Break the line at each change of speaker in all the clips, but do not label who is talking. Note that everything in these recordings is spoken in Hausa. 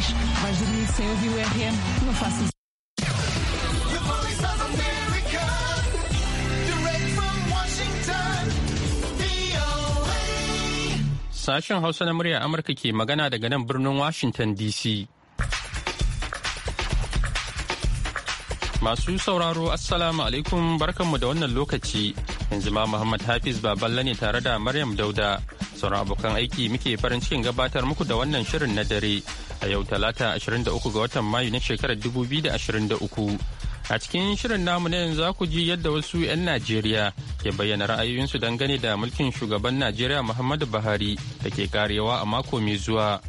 depois. Vais dormir sem ouvir o RM? Não faças isso.
Sashen Hausa na murya Amurka ke magana daga nan birnin Washington DC. Masu sauraro Assalamu alaikum barkanmu da wannan lokaci yanzu ma Muhammad Hafiz Baballa ne tare da Maryam Dauda sauran abokan aiki muke farin cikin gabatar muku da wannan shirin na dare a yau talata 23 ga watan Mayu na shekarar 2023. A cikin shirin namu na yanzu ku ji yadda wasu 'yan Najeriya ke bayyana ra'ayoyinsu dangane da mulkin shugaban Najeriya Muhammadu Buhari da ke karewa a mako mai zuwa.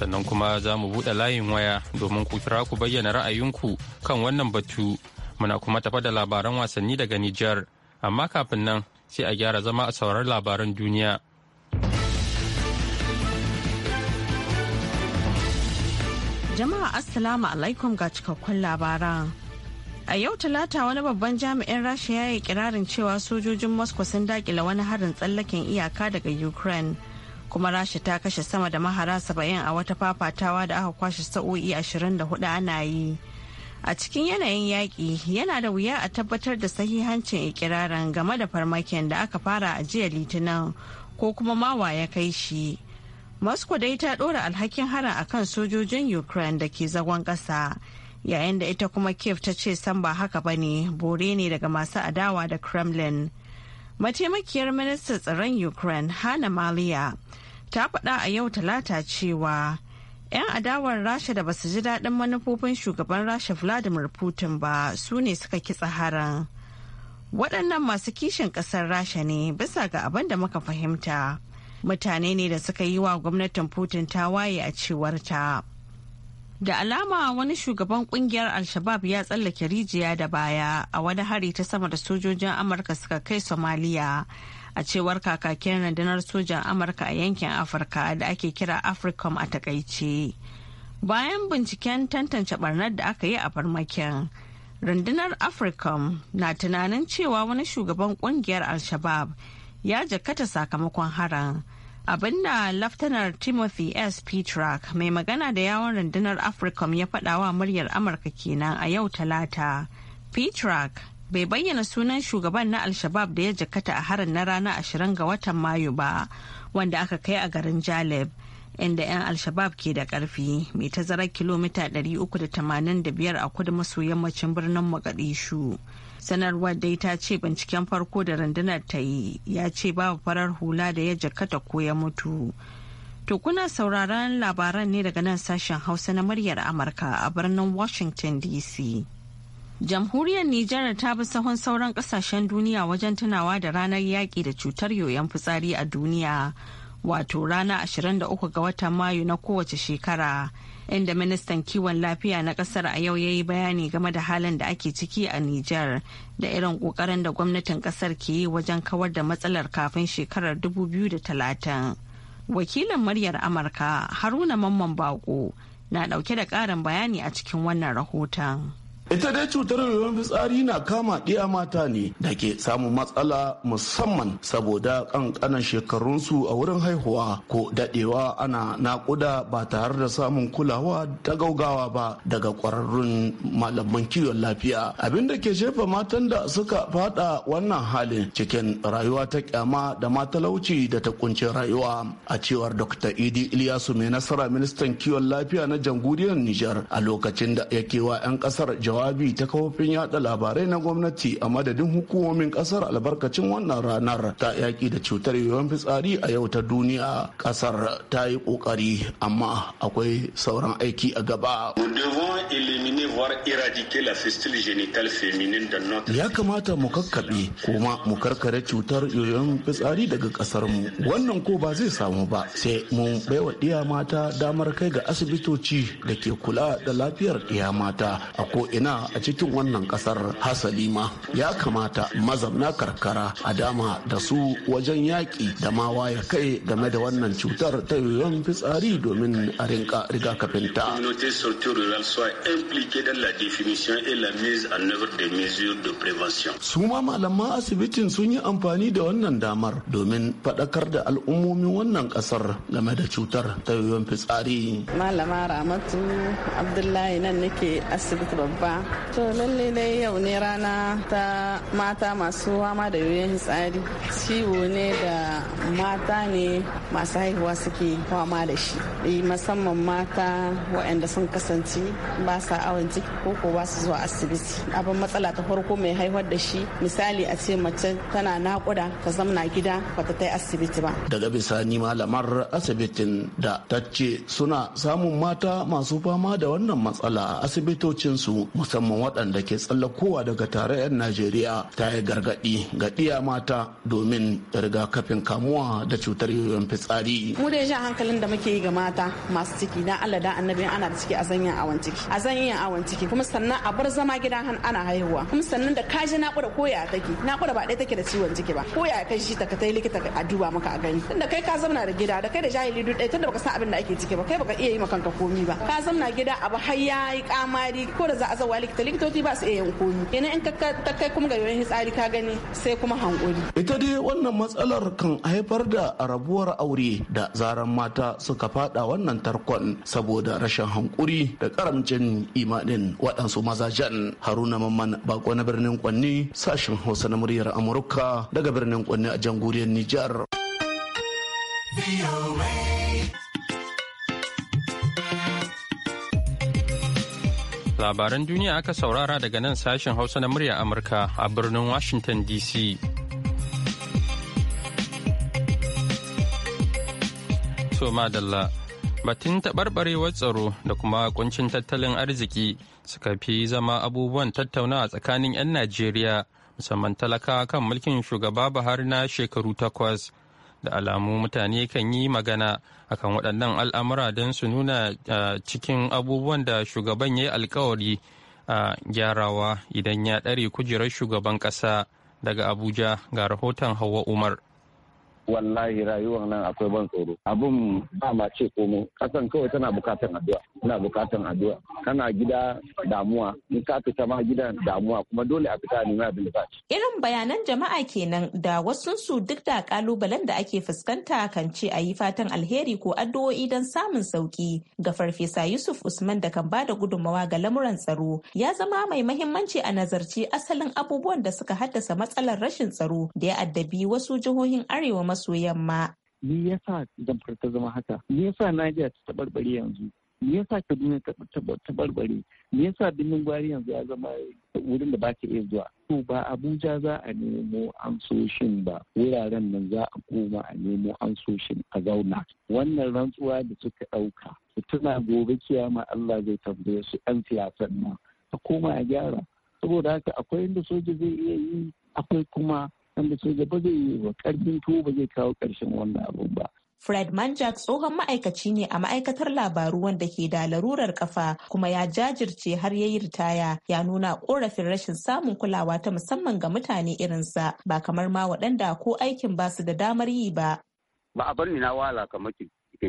sannan kuma za mu buɗe layin waya domin ku kira ku bayyana ra'ayinku kan wannan batu muna kuma tafa da labaran wasanni daga Nijar amma kafin nan sai a gyara zama a sauran labaran duniya.
Jama'a Assalamu alaikum ga cikakkun labaran. A yau talata wani babban jami'in Rasha ya yi kirarin cewa sojojin Moscow sun dakile wani harin tsallaken iyaka daga Ukraine. kuma rasha ta kashe sama da mahara saba'in a wata fafatawa da aka kwashe sa'o'i ashirin da hudu ana yi a cikin yanayin yaƙi yana da wuya a tabbatar da sahihancin ikirarin game da farmakin da aka fara a jiya litinin ko kuma mawa ya kai shi moscow dai ta ɗora alhakin harin akan sojojin ukraine da ke zagon ƙasa yayin da ita kuma kiev ta ce san ba haka ba ne bore ne daga masu adawa da kremlin mataimakiyar ministan tsaron ukraine hana maliya ta faɗa a yau talata cewa 'yan adawar rasha da basu ji daɗin manufofin shugaban rasha vladimir putin ba su ne suka kitsa haran waɗannan masu kishin ƙasar rasha ne bisa ga abin da muka fahimta mutane ne da suka yi wa gwamnatin putin ta waye a cewarta da alama wani shugaban kungiyar al-shabab ya tsallake rijiya da baya a wani hari ta sama da sojojin amurka suka kai somaliya a cewar kakakin rundunar sojan amurka a yankin afirka da ake kira africom a takaice bayan binciken tantance barnar da aka yi a farmakin rundunar africom na tunanin cewa wani shugaban kungiyar alshabab ya jakata sakamakon haran abinda laftanar timothy s petrak mai magana da yawon rundunar africom ya faɗawa muryar amurka kenan a yau talata petrak bai bayyana sunan shugaban na alshabab da ya jakata a harin na ranar ashirin ga watan mayu ba wanda aka kai a garin jaleb inda 'yan alshabab ke da karfi mai tazarar kilomita 385 a kudu maso yammacin birnin mogadishu sanarwar dai ta ce binciken farko da rundunar ta yi ya ce babu farar hula da ya jakata ko ya mutu to kuna sauraron labaran ne daga nan sashen hausa na muryar amurka a birnin washington dc Jamhuriyar Nijar ta bi sahun sauran kasashen duniya wajen tunawa da ranar yaƙi da cutar yoyon fitsari a duniya. Wato rana 23 ga watan Mayu na kowace shekara. Inda ministan kiwon lafiya na kasar a yau yayi bayani game da halin da ake ciki a Nijar da irin ƙoƙarin da gwamnatin kasar ke yi wajen kawar da matsalar kafin shekarar 2030. Wakilin muryar Amurka Haruna Mamman Bako na ɗauke da ƙarin bayani a cikin wannan rahoton.
ita dai cutar yoyon fitsari na kama ɗiya mata ne da ke samun matsala musamman saboda ƙanƙanan shekarunsu a wurin haihuwa ko daɗewa ana naƙuda ba tare da samun kulawa ta gaugawa ba daga ƙwararrun malaman kiwon lafiya abin da ke jefa matan da suka fada wannan halin cikin rayuwa ta kyama da matalauci da ta kunce rayuwa a cewar dr idi iliyasu mai nasara ministan kiwon lafiya na jamhuriyar nijar a lokacin da yake wa 'yan kasar jawa jawabi ta kafofin yada labarai na gwamnati a madadin hukumomin kasar albarkacin wannan ranar ta yaki da cutar yawan fitsari a yau ta duniya kasar ta yi kokari amma akwai sauran aiki a gaba ya kamata mu kakkaɓe kuma mu karkare cutar yoyon fitsari daga kasar mu wannan ko ba zai samu ba sai mu baiwa ɗiya mata damar kai ga asibitoci da ke kula da lafiyar ɗiya mata a ko ina zauna a cikin wannan kasar hasali ma ya kamata mazauna karkara a dama da su wajen yaƙi da ma waya kai game da wannan cutar ta yoyon fitsari domin a rinka rigakafinta. Suma malaman asibitin sun yi amfani da wannan damar domin faɗakar da al'ummomin wannan ƙasar game da cutar ta yoyon fitsari.
Malama Ramatu Abdullahi nan nake asibiti babba To lalle dai yau ne rana
ta mata masu fama da yoyon tsari. Ciwo ne da mata ne masu haihuwa suke fama da shi. Eh, musamman mata waɗanda sun kasance ba sa awon ciki ko ko ba su zuwa asibiti. Abin matsala ta farko mai haihuwar da shi misali a ce mace tana nakuda ta zamna gida ba ta tai asibiti ba.
Daga bisani malamar asibitin da ta ce suna samun mata masu fama da wannan matsala a asibitocinsu musamman waɗanda ke tsallakowa daga tarayyar najeriya ta yi gargaɗi ga ɗiya mata domin rigakafin kamuwa da cutar yoyon fitsari
mu dai shan hankalin da muke yi ga mata masu ciki dan allah da annabi ana da ciki a zanyen awon ciki a zanyen awon ciki kuma sannan a bar zama gida ana haihuwa kuma sannan da kaji naƙuda ko ya take naƙuda ba ɗaya take da ciwon ciki ba ko ya kai shi ta kai likita a duba maka a gani tunda kai ka zauna da gida da kai da jahili duk ɗaya tunda baka san abin da ake ciki ba kai baka iya yi ma kanka komi ba ka zauna gida abu har ya yi kamari ko da za a kawowa likita-likitoci ba su iya yin komi kenan in ka kai kuma ga yoyin hitsari ka gani sai kuma hankuri
ita dai wannan matsalar kan haifar da rabuwar aure da zaran mata suka fada wannan tarkon saboda rashin hankuri da karamcin imanin waɗansu mazajen haruna mamman bako na birnin kwanni sashen hausa na muryar amurka daga birnin kwanni a jamhuriyar nijar.
Labaran duniya aka saurara daga nan sashen Hausa na murya Amurka a birnin Washington DC. So madalla. Batun taɓarɓarewar tsaro da kuma kuncin tattalin arziki suka fi zama abubuwan tattaunawa tsakanin 'yan Najeriya musamman talaka kan mulkin shugaba Buhari na shekaru takwas da alamu mutane kan yi magana akan waɗannan al'amura don su nuna cikin abubuwan da shugaban ya yi alkawari a gyarawa idan ya ɗare kujerar shugaban ƙasa daga abuja ga rahoton hawa umar
wallahi rayuwar nan akwai ban tsoro abin ba ma ce komo kasan kawai tana bukatan addu'a tana bukatan addu'a kana gida damuwa in ka fita ma gida damuwa kuma dole a fita nemi abin da
irin bayanan jama'a kenan da wasu su duk da kalubalen da ake fuskanta kan ce a yi fatan alheri ko addu'o'i don samun sauki ga farfesa Yusuf Usman da kan bada gudummawa ga lamuran tsaro ya zama mai mahimmanci a nazarci asalin abubuwan da suka haddasa matsalar rashin tsaro da ya addabi wasu jihohin arewa maso maso yamma.
ya sa Zamfara ta zama haka? Me sa Najeriya ta tabarbare yanzu? Me yasa Kaduna ta tabarbare? Me sa birnin gwari yanzu ya zama wurin da ba ka iya zuwa? To ba Abuja za a nemo ansoshin ba, wuraren nan za a koma a nemo ansoshin a zauna. Wannan rantsuwa da suka ɗauka, tuna gobe kiyama Allah zai tambaye su 'yan siyasan nan. A koma a gyara. Saboda haka akwai inda soja zai iya yi, akwai kuma wanda gaba zai yi wa karfin zai kawo karshen wannan abu ba.
Fred Manjak tsohon ma'aikaci ne a ma'aikatar labaru wanda ke da larurar kafa kuma ya jajirce har ya yi ritaya ya nuna korafin rashin samun kulawa ta musamman ga mutane irinsa ba kamar ma waɗanda ko aikin ba su da damar yi ba.
Ba a bar na wala kamar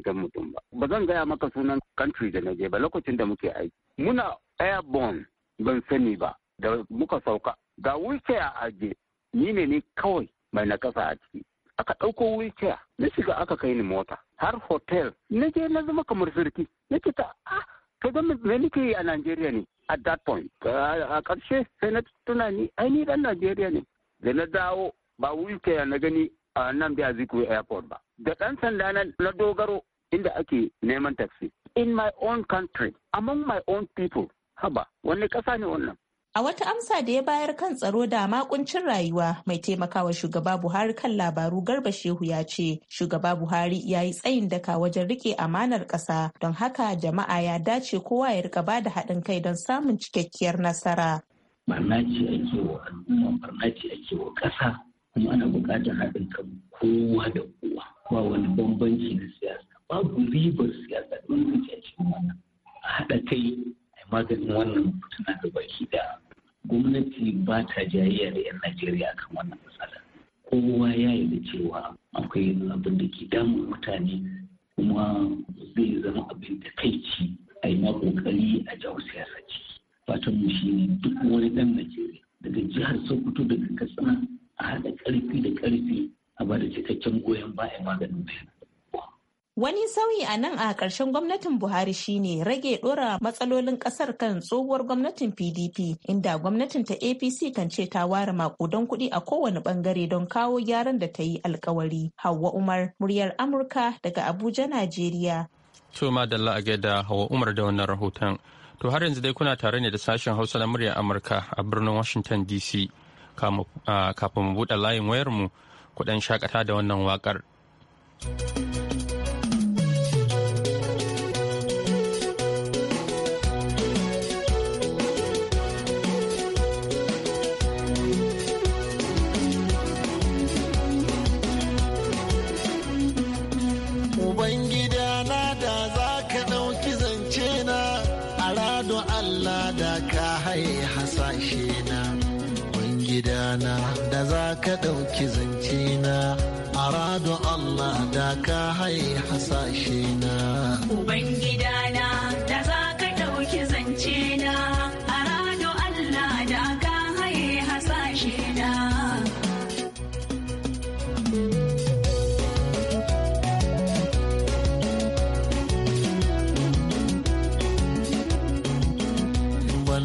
gan mutum ba. Ba zan gaya maka sunan country da na je ba lokacin da muke aiki. Muna airborne ban sani ba da muka sauka. Ga wuce a aje ni ne ni kawai mai na kasa a ciki aka ɗauko wheelchair
na shiga aka kai ni mota har hotel na je na zama kamar sarki na ce ta ah
ka ga me nake yi a Najeriya ne at that point a ƙarshe sai na tuna ni ai ni dan Najeriya ne da na dawo ba wheelchair na gani a nan biya Azikiwe airport
ba da ɗan sanda na dogaro inda ake neman taxi in my own country
among my own people haba wani ƙasa ne wannan
A wata amsa da ya bayar kan tsaro da makuncin rayuwa mai taimakawa shugaba Buhari kan labaru Garba Shehu ya ce, shugaba Buhari ya yi tsayin daka wajen rike amanar ƙasa don haka jama'a ya dace kowa ya rika ba da haɗin kai don samun cikakkiyar nasara.
Barnaci ce ake wa
al'umma,
ake wa ƙasa, kuma ana buƙatar haɗin kan kowa da kowa. Ba wani bambanci na siyasa, babu ribar siyasa don a cikin wannan. A haɗa kai, a maganin wannan na da shi da gwamnati ba ta jayayya da 'yan najeriya kan wannan matsala kowa ya yi da cewa akwai abin da ke damun mutane kuma zai zama abin da kai ci a yi ma a jawo siyasa ci fatan mu shi ne duk wani dan najeriya daga jihar sokoto daga katsina a haɗa ƙarfi da ƙarfi a ba da cikakken goyon baya
maganin bayan
Wani sauyi a nan a ƙarshen gwamnatin Buhari shine rage ɗora matsalolin ƙasar kan tsohuwar gwamnatin PDP inda gwamnatin ta APC kan ce ta ware makudan kuɗi a kowane ɓangare don kawo gyaran da ta yi alkawari. Hauwa Umar, muryar Amurka daga Abuja, Najeriya.
To madalla a gaida Hauwa Umar da wannan rahoton. To har yanzu dai kuna tare ne da sashen Hausa na muryar Amurka a birnin Washington DC. Ah, kafin mu buɗe layin wayarmu, kuɗan shakata da wannan waƙar.
ka hai hasashe na.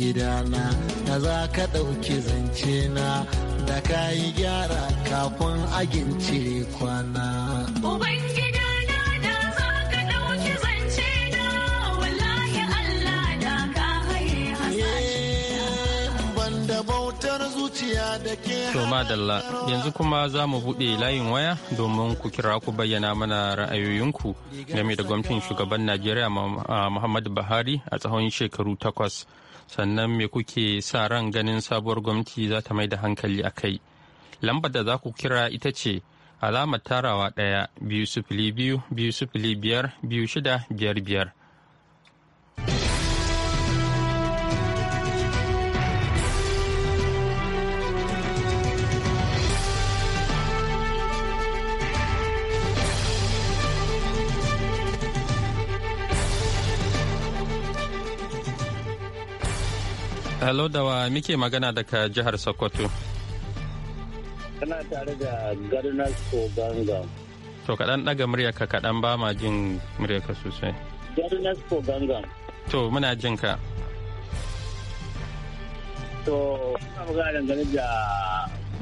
gidana da za ka ɗauki zance na da ka yi gyara kafin agin cire kwana.
To madalla yanzu kuma za mu buɗe layin waya domin ku kira ku bayyana mana ra'ayoyinku game da gwamnatin shugaban Najeriya Muhammadu Buhari a tsawon shekaru takwas sannan me kuke sa ran ganin sabuwar gwamnati za ta mai da hankali a kai lambar da za ku kira ita ce alamar tarawa ɗaya biyu sufili biyu biyu sufili biyar biyu shida biyar biyar Hello da wa muke magana daga jihar Sokoto.
Kana tare da Gardner Koganga.
To kaɗan ɗaga murya ka kaɗan ba ma jin murya ka sosai.
Gardner Koganga.
To muna jin ka.
To, ina magana dangane da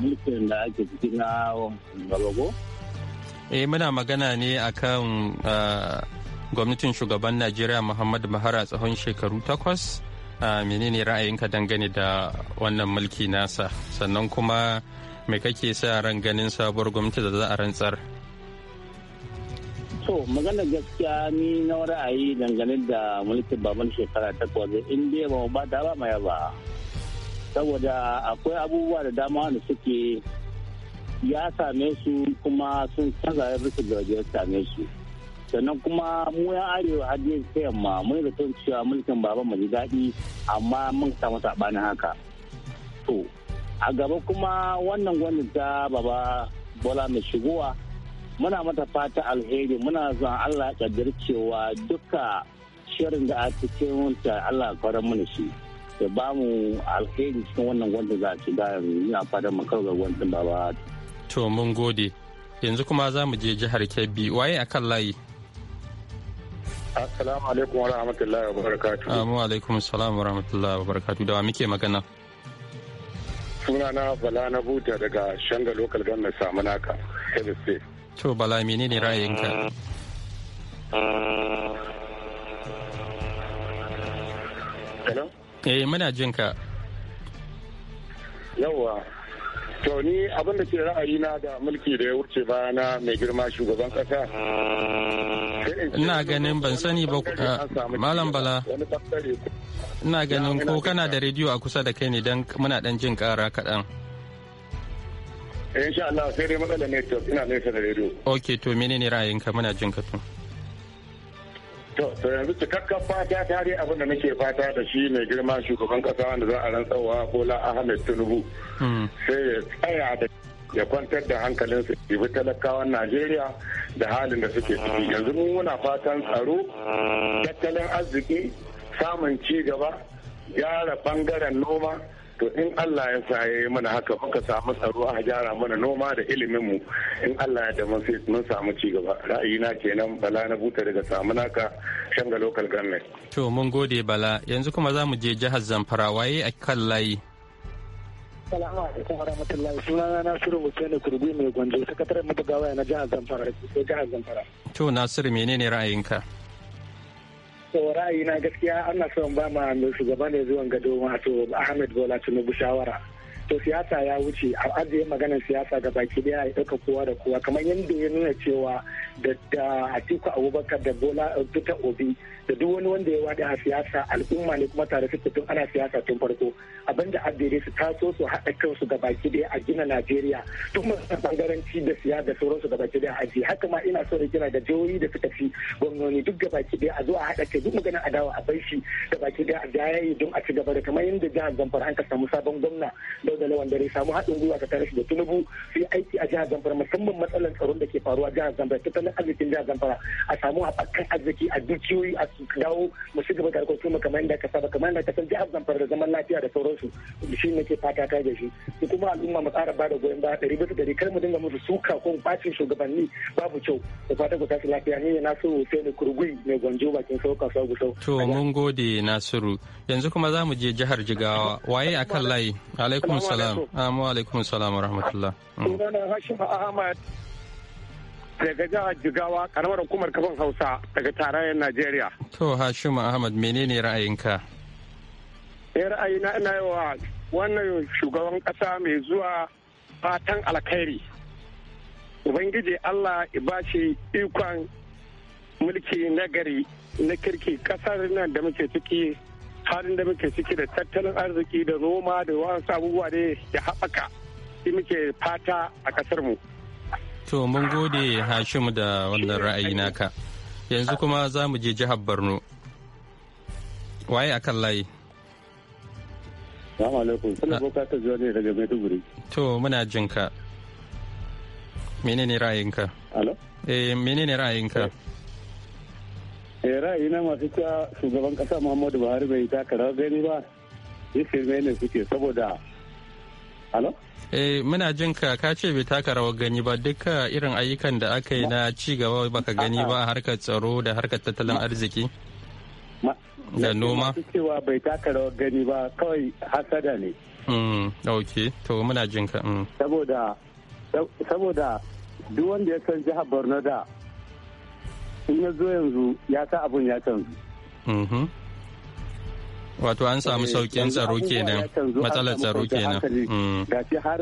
mulkin da ake ciki na Gabago?
Eh muna magana ne akan ah, gwamnatin shugaban Najeriya Muhammadu Buhari a tsawon shekaru takwas. a ah, menene ra'ayinka dangane da wannan mulki nasa sannan kuma me kake sa ran ganin sabuwar gwamnati da za a rantsar
to magana gaskiya ni na ra'ayi dangane da mulkin baban shekara takwas in dai ba ba da ba maya ba saboda akwai abubuwa da dama da suke ya same su kuma sun canza ya rufe da same su sannan kuma mu yan arewa har yanzu ta yamma mun da cewa mulkin baban mu daɗi amma mun samu saɓanin haka to a gaba kuma
wannan gwamnati ta baba bola mai shigowa muna mata fata alheri
muna zuwa allah kaddar cewa duka shirin da a cikin ta allah kwarar mana shi ya ba mu alheri cikin wannan gwamnati za a ci yanzu ina fatan mu
ga gwamnatin baba to mun gode yanzu kuma za mu je jihar kebbi waye a kan layi
Assalamu alaikum wa rahmatullahi wa barakatu. Amu
alaikum wa rahmatullahi wa barakatu. Da wa muke magana?
Sunana Bala na Buta daga Shanga Local Government Samunaka, Head State.
To Bala menene ra'ayinka? Hello? Eh muna jinka.
To ni abin da ke ra'ayina da mulki da ya wuce bayana mai girma shugaban kasa.
Ina ganin ban sani ba Malam Bala. Ina ganin ko kana da rediyo a kusa da kai ne don muna dan jin kara kaɗan.
Eh, insha Allah sai dai matsalar network ina nesa da rediyo.
Ok to menene ra'ayinka muna jin ka tun.
To yanzu cikakken fata ta dai abin da nake fata da shi mai girma shugaban kasa wanda za a rantsawa la Ahmed Tinubu. Hmm. Sai ya tsaya da ya kwantar da hankalin su ibi talakawan Najeriya da halin da suke ciki. Yanzu mun muna fatan tsaro, tattalin arziki, samun ci gaba, gyara bangaren noma, to in Allah ya sa ya yi mana haka muka samu tsaro a gyara mana noma da ilimin mu in Allah ya sai mun samu ci gaba ra'ayina kenan bala na buta daga samu naka shanga local government
to mun gode bala yanzu kuma za mu je jihar Zamfara waye a kan layi
Salamu alaikum warahmatullahi sunana Nasiru Hussein Kurbi mai gwanjo sakataren mutagawa na jihar Zamfara jihar Zamfara
to Nasiru menene ra'ayinka
to ra'ayi na gaskiya ana son ba ma mai shugaba ne zuwan gado wato Ahmed Bola Tinubu shawara to siyasa ya wuce a ajiye maganar siyasa ga baki daya ya ɗauka kowa da kowa kamar yadda ya nuna cewa da atiku abubakar da bola eh, peter obi da duk wani wanda ya wada a siyasa al'umma ne kuma tare suke tun ana siyasa tun farko abinda addini su taso su haɗa kansu ga baki daya a gina najeriya duk masu bangaranci da siya da sauransu ga baki daya a ajiye haka ma ina so da gina da jihohi da suka fi gwamnoni duk ga baki daya a zo a haɗa kai duk maganar adawa a bai shi ga baki daya a jayayi don a ci gaba da kamar yadda jihar zamfara an ka samu sabon gwamna da da lawan dare samu haɗin gwiwa tsakanin shi da tunubu su yi aiki a jihar zamfara musamman matsalar tsaron da ke faruwa jihar zamfara tattalin arzikin jihar zamfara a samu haɓakan arziki a dukiyoyi a dawo mu shiga ba da harkokin kamar yadda ka saba kamar yadda ka san jihar zamfara da zaman lafiya da sauransu shi ne ke fata ta da shi su kuma al'umma mu ƙara bada goyon baya ɗari bisa ɗari kar mu dinga musu suka ko bacin shugabanni babu kyau da fata ku tashi lafiya ne na so sai ne kurgui mai gwanjo bakin sauka sau gusau.
to mun gode nasiru yanzu kuma za mu je jihar jigawa waye akan layi alaikum salam. alaikum salam wa rahmatullah.
Mm. Sunana Hashim Ahmad daga jihar Jigawa karamar hukumar kafin Hausa daga tarayyar Najeriya.
To Hashim Ahmad menene ra'ayinka?
Eh ra'ayina ina wa wannan shugaban kasa mai zuwa fatan alkhairi. Ubangiji Allah ya bashi ikon mulki nagari na kirki kasar nan da muke ciki halin da muke ciki da tattalin arziki da noma da wasu abubuwa ne ya haɓaka shi muke fata a ƙasar mu.
To mun gode Hashim da wannan ra'ayi naka. Yanzu kuma za mu je jihar Borno. Waye a kan layi?
Salamu alaikum, suna ta zuwa ne daga Maiduguri.
To muna jinka. Menene ra'ayinka? Alo? Eh menene ra'ayinka? Eh,
Eh, ra'ayi na masu cewa shugaban kasa muhammadu buhari bai taka rawar gani ba mai ne suke saboda
halo eh muna jin ka ka ce bai taka rawar gani ba duka ah, irin ayyukan da aka yi na ci gaba baka gani ba harkar tsaro da harkar tattalin arziki da noma
cewa bai taka rawar gani ba kawai hasada ne
hmm, ok to muna jin ka hmm.
saboda saboda duk wanda ya san jihar borno da in ya zo yanzu ya sa abin ya canzu.
Mhm. Wato an samu eh, saukin tsaro kenan matsalar tsaro kenan. Mm.
Ga shi har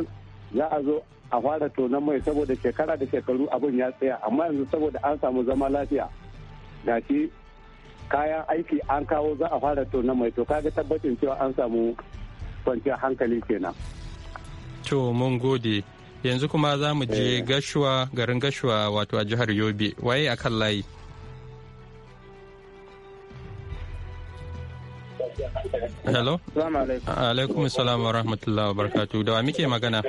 za a zo a fara tonon mai saboda shekara da shekaru abin ya tsaya amma yanzu saboda an samu zama lafiya ga shi kayan aiki an kawo za a fara tonon mai to kaga tabbacin cewa an samu kwanciyar hankali kenan.
To mun gode yanzu kuma za mu je eh. gashuwa garin gashuwa wato a jihar Yobe waye akan layi. Hello. Alaikum salam wa rahmatullahi wa barakatuh. Da wa muke magana?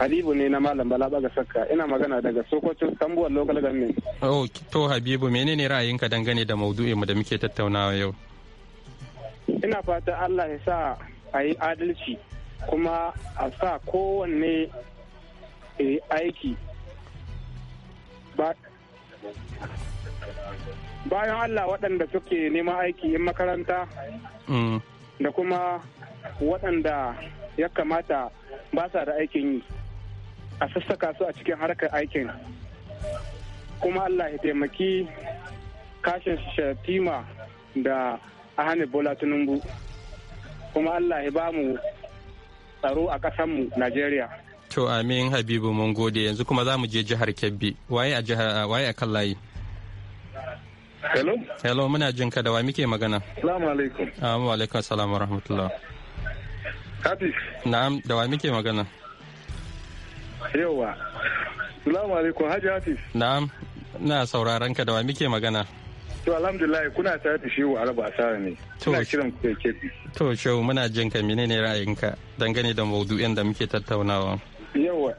Habibu ne na Malam Bala Baga Sakka. Ina magana daga Sokoto Tambuwar Local Government.
Oh, to Habibu, menene ra'ayinka dangane da maudu'in mu da muke tattaunawa yau?
Ina fata Allah ya sa a yi adalci kuma a sa kowanne aiki ba bayan Allah waɗanda suke neman aiki in makaranta mm. da kuma waɗanda ya kamata ba sa da aikin yi a sassaka su a cikin harkar aikin kuma Allah ya taimaki kashin shatima da ahani bola tinubu kuma Allah ya ba mu tsaro a ƙasanmu Najeriya.
To amin Habibu mun gode yanzu kuma za mu je jihar Kebbi waye a kan layi. Hello? Hello, muna jin ka da wa muke magana. Salamu alaikum. Assalamu ah, alaikum salam wa rahmatullah. Hafiz. Na'am, da wa muke magana?
Yawa. Salamu alaikum, Haji Hafiz.
Na'am, na sauraron ka da wa muke magana.
To alhamdulillah kuna ta shi shehu Araba Asara ne. To kiran ku
To shehu muna jin ka menene ra'ayinka dangane da maudu'in da muke tattaunawa. Yawa.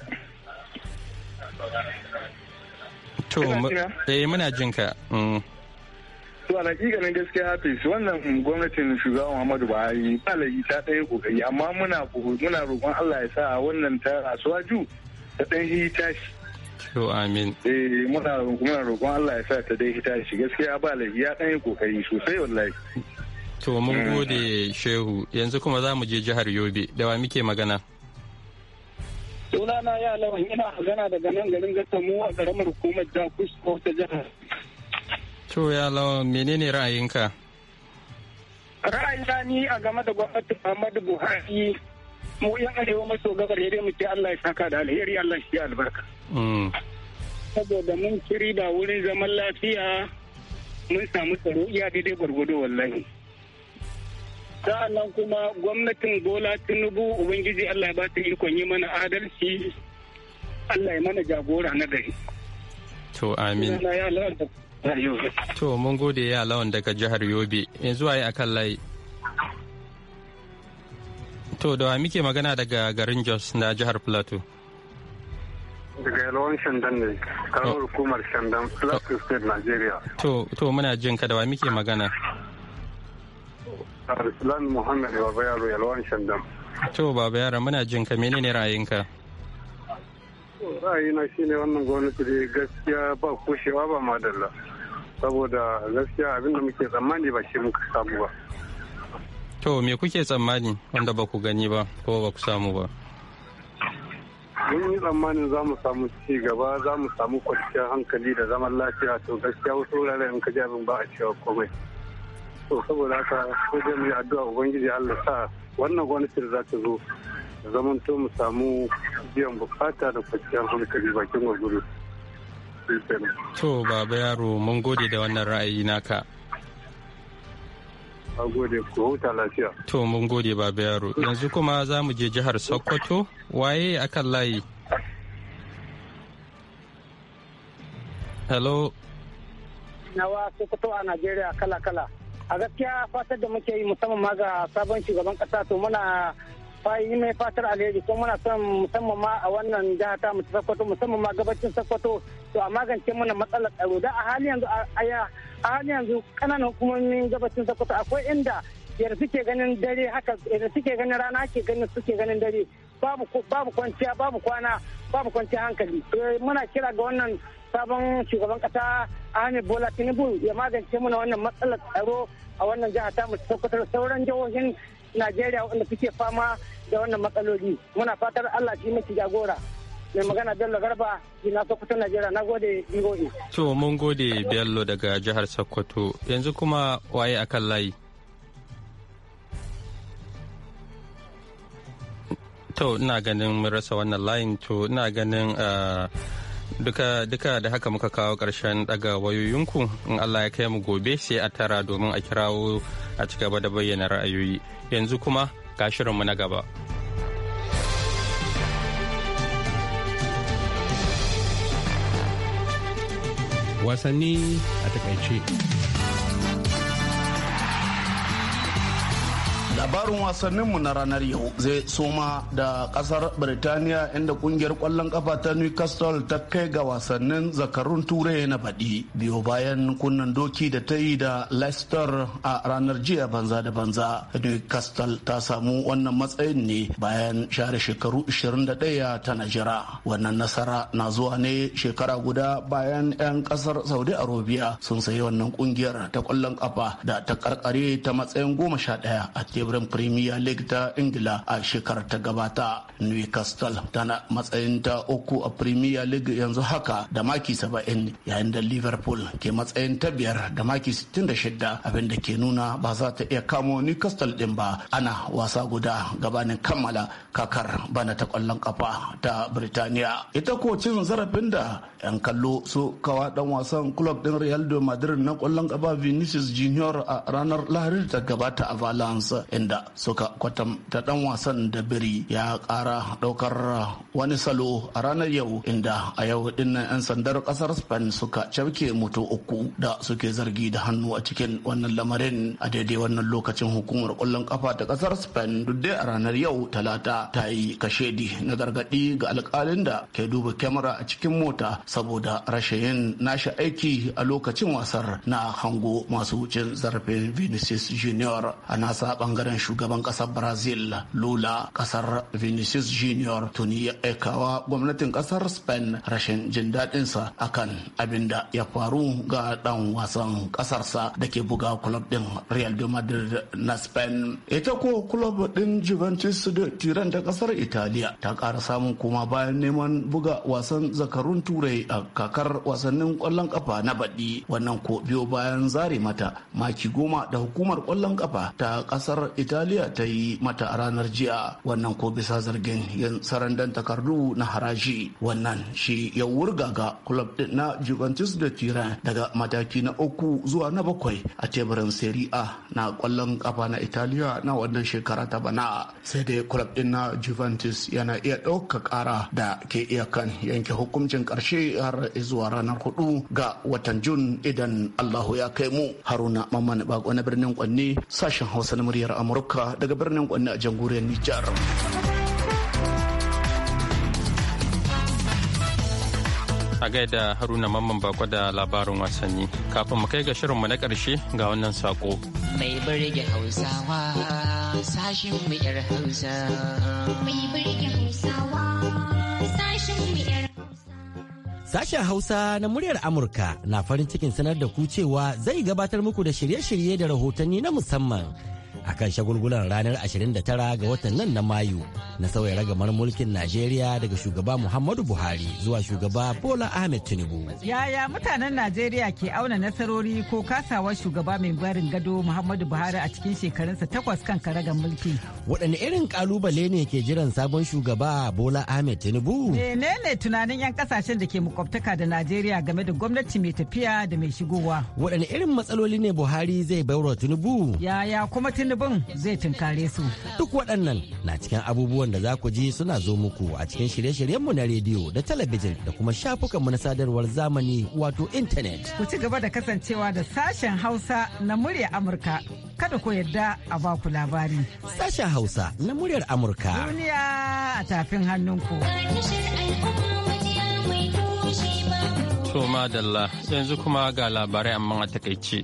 To eh muna jin ka. Mm.
to a ganin gaskiya hafiz wannan gwamnatin shugaba muhammadu buhari ba alayi ta ɗaya kokari amma muna muna roƙon allah ya sa wannan ta asuwaju ta ɗan hi tashi
to amin
eh muna muna roƙon allah ya sa ta dai hi tashi gaskiya ba laifi ya ɗan yi kokari sosai wallahi
to mun mm. gode shehu yanzu kuma za mu je jihar yobe da wa muke magana
sunana ya lawan ina magana daga nan garin gata a ƙaramar hukumar jakus ta jihar
To ya lawan menene ra'ayinka?
Ra'ayina ni a game da gwamnatin Muhammadu Buhari mu yi arewa maso gabar ya mu ce Allah ya saka da alheri Allah shi albarka. Mm. Saboda mun kiri da wurin zaman lafiya mun samu tsaro iya daidai gwargwado wallahi. sa'annan kuma gwamnatin bola tinubu ubangiji allah ya bata ikon yi mana adalci allah ya mana jagora na gari
to amin jihar Yobe. To mun gode ya lawan daga jihar Yobe. Yanzu ayi akan layi. To da wa muke magana daga garin Jos na jihar Plateau. Daga
yalwan Shandan ne, karamar oh. hukumar Shandan, Plateau State, Nigeria.
To, to muna jin ka da wa muke magana.
Arslan Muhammad Baba Yaro yalwan Shandan.
To Baba Yaro muna jin ka menene ra'ayinka?
Ra'ayina shi ne wannan gwamnati da gaskiya ba kushewa ba madalla. saboda gaskiya abinda muke tsammani ba shi muka samu ba
to me kuke tsammani wanda ba ku gani ba ko ba ku samu ba
mun yi tsammanin za mu samu ci gaba za mu samu kwanciyar hankali da zaman lafiya to gaskiya wasu wuraren in ka ji abin ba a cewa komai to saboda haka ko dai mu yi addu'a ubangiji Allah sa wannan gwamnati za ta zo zaman to mu samu biyan bukata da kwanciyar hankali bakin gwagwaro
To baba yaro mun gode da wannan ra'ayi naka.
gode ku huta lafiya.
To mun gode baba yaro. Yanzu kuma za mu je jihar Sokoto waye akan layi. Hello.
Nawa Sokoto a Najeriya kala-kala. A gaskiya fatar da muke yi musamman ma ga sabon shugaban kasa to muna fayi mai fatar alheri ko muna son musamman ma a wannan jiha ta mu Sokoto musamman ma gabacin Sokoto to a magance mana matsalar tsaro da a hali yanzu a hali yanzu kananan hukumomin gabacin sokoto akwai inda yadda suke ganin dare haka yadda suke ganin rana ake ganin suke ganin dare babu babu kwanciya babu kwana babu kwanciya hankali muna kira ga wannan sabon shugaban kasa Ahmed Bola Tinubu ya magance mana wannan matsalar tsaro a wannan jiha ta mu sokoto sauran jihohin Najeriya wanda suke fama da wannan matsaloli muna fatar Allah shi mace jagora mai magana bello garba ina sokoto najeriya na gode voa
to mun gode bello daga jihar sokoto yanzu kuma waye akan layi to ina ganin mun rasa wannan layin to ina ganin ah, duka duka da haka muka kawo karshen daga wayoyinku in Allah ya kai mu gobe sai a tara domin a kirawo a cigaba da bayyana ra'ayoyi yanzu kuma ga shirinmu na gaba. wasanni a takaice.
labarin wasanninmu na ranar yau zai soma da kasar birtaniya inda kungiyar kwallon kafa ta newcastle ta kai ga wasannin zakarun turai na baɗi biyo bayan kunnan doki da ta yi da leicester a ranar jiya banza da banza newcastle ta samu wannan matsayin ne bayan share shekaru 21 ta najira wannan nasara na zuwa ne shekara guda bayan 'yan kasar saudi arabia sun sayi wannan kungiyar ta kwallon kafa da ta karkare ta matsayin goma sha ɗaya a teburin kofin premier league ta ingila a shekarar ta gabata newcastle tana matsayin ta uku a premier league yanzu haka da maki 70 yayin da liverpool ke matsayin ta biyar da maki 66 abinda ke nuna ba za ta iya kamo newcastle din ba ana wasa guda gabanin kammala kakar bana ta kwallon kafa ta birtaniya ita ko cin zarafin da 'yan kallo su kawa dan wasan club din real madrid na kwallon kafa vinicius junior a ranar lahadi ta gabata a valence inda da suka kwatanta dan wasan da biri ya kara daukar wani salo a ranar yau inda a yau dinnan 'yan sandar kasar spain suka cafke mutu uku da suke zargi da hannu a cikin wannan lamarin a daidai wannan lokacin hukumar kwallon kafa ta kasar spain duk dai a ranar yau talata ta yi kashedi na gargadi ga alkalin da ke duba kyamara a cikin mota saboda rashayin yin nashi aiki a lokacin wasar na hango masu wucin zarafin vinicius junior a nasa bangaren shugaban kasar brazil lula kasar vinicius junior tuni ya aikawa gwamnatin kasar spain rashin jin daɗinsa akan abin da ya faru ga ɗan wasan ƙasarsa da ke buga kulob din real de madrid na spain ita ko kulob din juventus da tiran da ƙasar italiya ta ƙara samun kuma bayan neman buga wasan zakarun turai a kakar wasannin ƙwallon ƙafa na baɗi wannan ko biyo bayan zare mata maki goma da hukumar ƙwallon ƙafa ta ƙasar italiya ta yi mata a ranar jiya wannan ko bisa zargin yin sarandan takardu na haraji wannan shi ya wurga ga club na juventus da turin daga mataki na uku zuwa na bakwai a teburin serie a na kwallon kafa na italiya na wannan shekara ta bana sai dai club din na juventus yana iya ɗauka kara da ke iya kan yanke hukuncin karshe har zuwa ranar hudu ga watan jun idan allahu ya kai mu haruna mamman bako na birnin kwanne sashen hausa na muryar amurka amurka daga birnin kwanne a jamhuriyar nijar
a gaida haruna mamman bako da labarin wasanni kafin mu kai ga shirinmu na ƙarshe ga wannan sako mai birge hausawa sashin mu yar hausa
mai birge hausawa sashin mu yar
Sashen Hausa na muryar Amurka na farin cikin sanar da ku cewa zai gabatar muku da shirye-shirye da rahotanni na musamman a kan shagulgulan ranar 29 ga watan nan na mayu na sauya ragamar mulkin najeriya daga shugaba muhammadu buhari zuwa shugaba bola ahmed tinubu
yaya mutanen najeriya ke auna nasarori ko kasawa shugaba mai barin gado muhammadu buhari a cikin shekarunsa takwas kan karagan mulki waɗanne irin kalubale
ne ke jiran sabon shugaba bola ahmed tinubu
menene tunanin yan kasashen da ke makwabtaka da najeriya game da gwamnati mai tafiya da mai shigowa waɗanne irin matsaloli ne buhari
zai baiwa tinubu
yaya kuma tinubu zunubin zai tunkare su duk waɗannan na
cikin abubuwan da za ku ji suna zo muku a cikin shirye-shiryenmu na rediyo da talabijin da kuma shafukanmu
na sadarwar zamani wato intanet ku ci gaba da kasancewa da sashen hausa na murya amurka kada ku yadda a ba ku labari sashen hausa na muryar
amurka
duniya a tafin hannunku
to madalla yanzu kuma ga labarai amma a takaice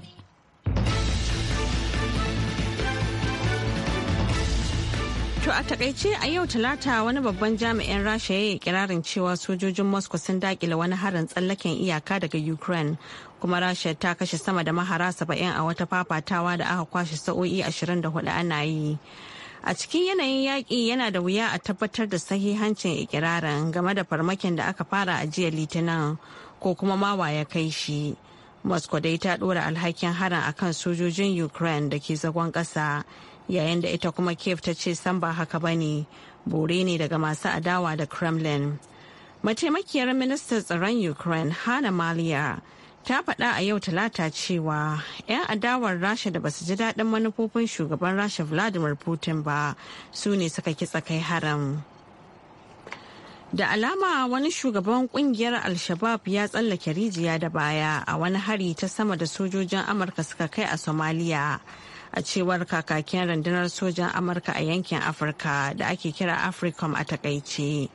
To a
takaice a yau talata wani babban jami'in Rasha ya yi kirarin cewa sojojin Moscow sun dakile wani harin tsallaken iyaka daga Ukraine kuma Rasha ta kashe sama da mahara saba'in a wata fafatawa da aka kwashe sa'o'i 24 ana yi. A cikin yanayin yaƙi yana da wuya a tabbatar da sahihancin ikirarin game da farmakin da aka fara a jiya litinin ko kuma mawa ya kai shi. Moscow dai ta ɗora alhakin harin akan sojojin Ukraine da ke zagon ƙasa. yayin da ita kuma kiev ta ce san ba haka ba ne bore ne daga masu adawa da kremlin mataimakiyar ministan tsaron ukraine hana malia ta faɗa a yau talata cewa 'yan adawar rasha da basu ji daɗin manufofin shugaban rasha vladimir putin ba su ne suka kitsa kai haram da alama wani shugaban kungiyar al-shabab ya tsallake rijiya da baya a wani hari ta sama da sojojin amurka suka kai a somaliya a cewar kakakin rundunar sojan amurka a yankin afirka da ake kira africom a takaice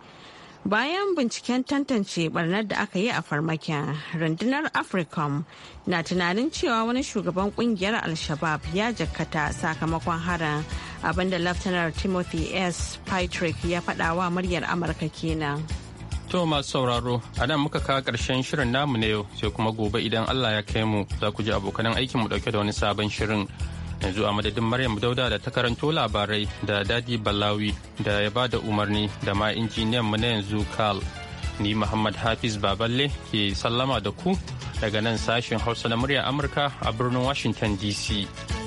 bayan binciken tantance barnar da aka yi a farmakin rundunar africom na tunanin cewa wani shugaban kungiyar al-shabab ya jakkata sakamakon harin abinda laftanar timothy s patrick ya fada wa muryar amurka kenan
to masu sauraro a nan muka kawo ƙarshen shirin namu na yau sai kuma gobe idan allah ya kai mu za ku ji abokanan aikinmu mu ɗauke da wani sabon shirin yanzu a madadin maryam dauda da ta karanto labarai da dadi balawi da ya ba da umarni da ma injiniyan mu na yanzu karl ni muhammad hafiz baballe ke sallama da ku daga nan sashen hausa na murya amurka a birnin washington dc